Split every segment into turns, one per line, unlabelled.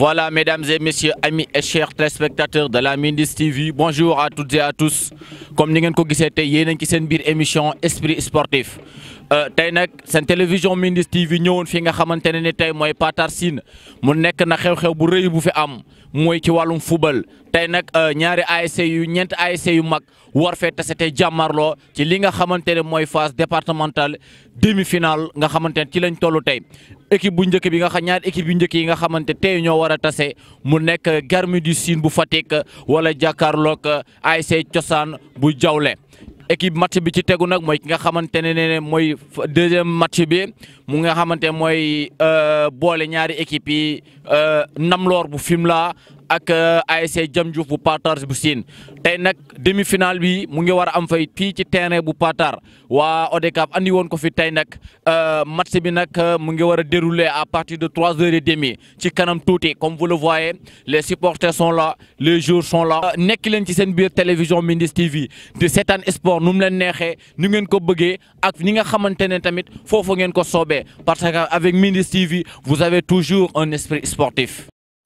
Voilà, mesdames et messieurs, amis et chers téléspectateurs de la Mindiss TV, bonjour à toutes et à tous. Comme nous l'avons vu, c'est biir émission Esprit Sportif. Euh, tey nag seen télévision Mindiss TV ñëwoon fi nga xamante ne ni tey mooy Patar Sine mu nekk na xew-xew bu rëy bu fi am mooy ci wàllum football tey nag euh, ñaari ay yu ñeent ay ASC yu mag war fee tasse tey jàmmarloo ci li nga xamante ne mooy phase départementale demi-finale nga xamante ne ci lañ toll tey équipe bu njëkk bi nga xam ñaari équipe yu njëkk yi nga xamante tey ñoo war a tase mu nekk Garmi di Sine bu Fatick wala jàkkaarloog euh, ASC cosaan bu Jawle. équipe match bi ci tegu nag mooy ki nga xamante ne ne mooy deuxième match bi mu nga xamante mooy euh, boole ñaari équipe yi euh, Namlor bu Fimela ak euh, ASC Jam Diouf bu Patar bu siin tey nag demi-finale bi mu ngi war a am fay fii ci terrain bu Patar waa ODCAV andi woon ko fi tey nag euh, match bi nag euh, mu ngi war a dérouler à partir de trois heures et demie ci kanam tuuti comme vous le voyez les supporters son la les jour son là nekk leen ci seen biir télévision Mindiss TV di seetaan sport nu mu leen neexee nu ngeen ko bëggee ak ni nga xamante ne tamit foofu ngeen ko soobee parce que avec Mindiss TV vous avez toujours un esprit sportif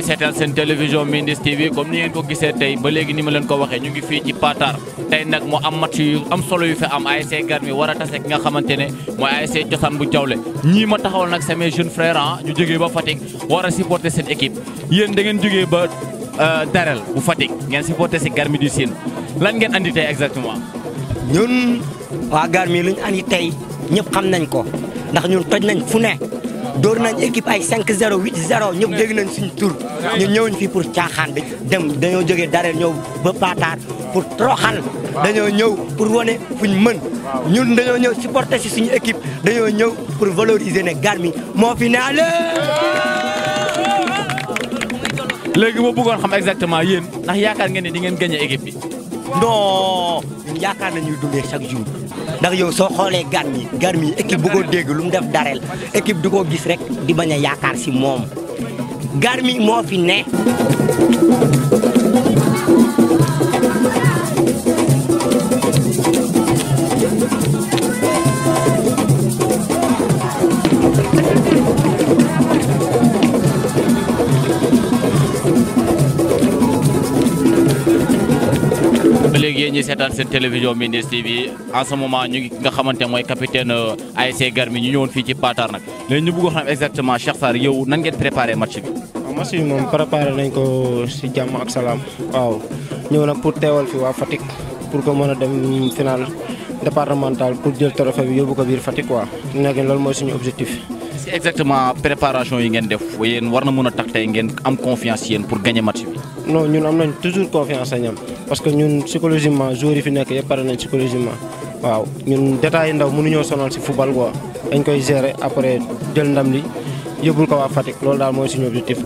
ñuy seetaan seen télévision Mindiss TV comme ni ngeen ko gisee tey ba léegi ni ma leen ko waxee ñu ngi fii ci Patar tey nag mu am match yu am solo yu fi am ASC Garmi war a tase ki nga xamante ne mooy ASC Cosaan bu Jawle ñii ma taxawal nag c'est mes jeunes frères ah ba Fatick war a seen équipe yéen da ngeen jógee ba euh, Darel bu Fatick
ngeen supporter si Garmi du Sine lan ngeen andi tey exactement. ñun waa Garmi lu ñu andi tey ñëpp xam nañ ko ndax ñun toj dóor nañ équipe ay 5-0 8-0 ñëpp dégg nañ suñ tur ñëw ñëwuñ fii pour caaxaan bi dem dañoo jógee dara ñëw ba Pataar pour troxal dañoo ñëw pour wane fuñ mën ñun dañoo ñëw supporter si suñu équipe dañoo ñëw pour valoriser ne Garmi moo fi naale léegi moo bëggoon xam exactement yéen ndax yaakaar ngeen ne di ngeen gagné équipe bi non ñun yaakaar nañuy dundee chaque jour ndax yow soo xoolee Garmi Garmi équipe bu ko dégg lu mu def dareel équipe du ko gis rek di bañ a yaakaar si moom Garmi moo fi ne.
yéen ñi seetaan seen télévision Mindiss TV en ce moment ñu ngi nga xamante mooy capitaine euh, ASC Garmi ñu ñëwoon fii
ci nag pour teewal fi waa Fatick pour ko mën a dem final départemental pour jël trophée bi yóbbu ko biir Fatick quoi. nekk loolu mooy suñu objectif.
si exactement préparation yi ngeen def yéen war na mën a tax tey ngeen am confiance yéen pour gagner match bi.
non ñun am nañ toujours confiance ak ñoom parce que ñun psychologiquement joueurs yi fi nekk yëpp pare nañ psychologiquement waaw ñun détails yi ndaw mënuñoo sonal si football quoi dañ koy gérer après jël ndam li yóbbul ko waa Fatick loolu daal mooy suñu objectif.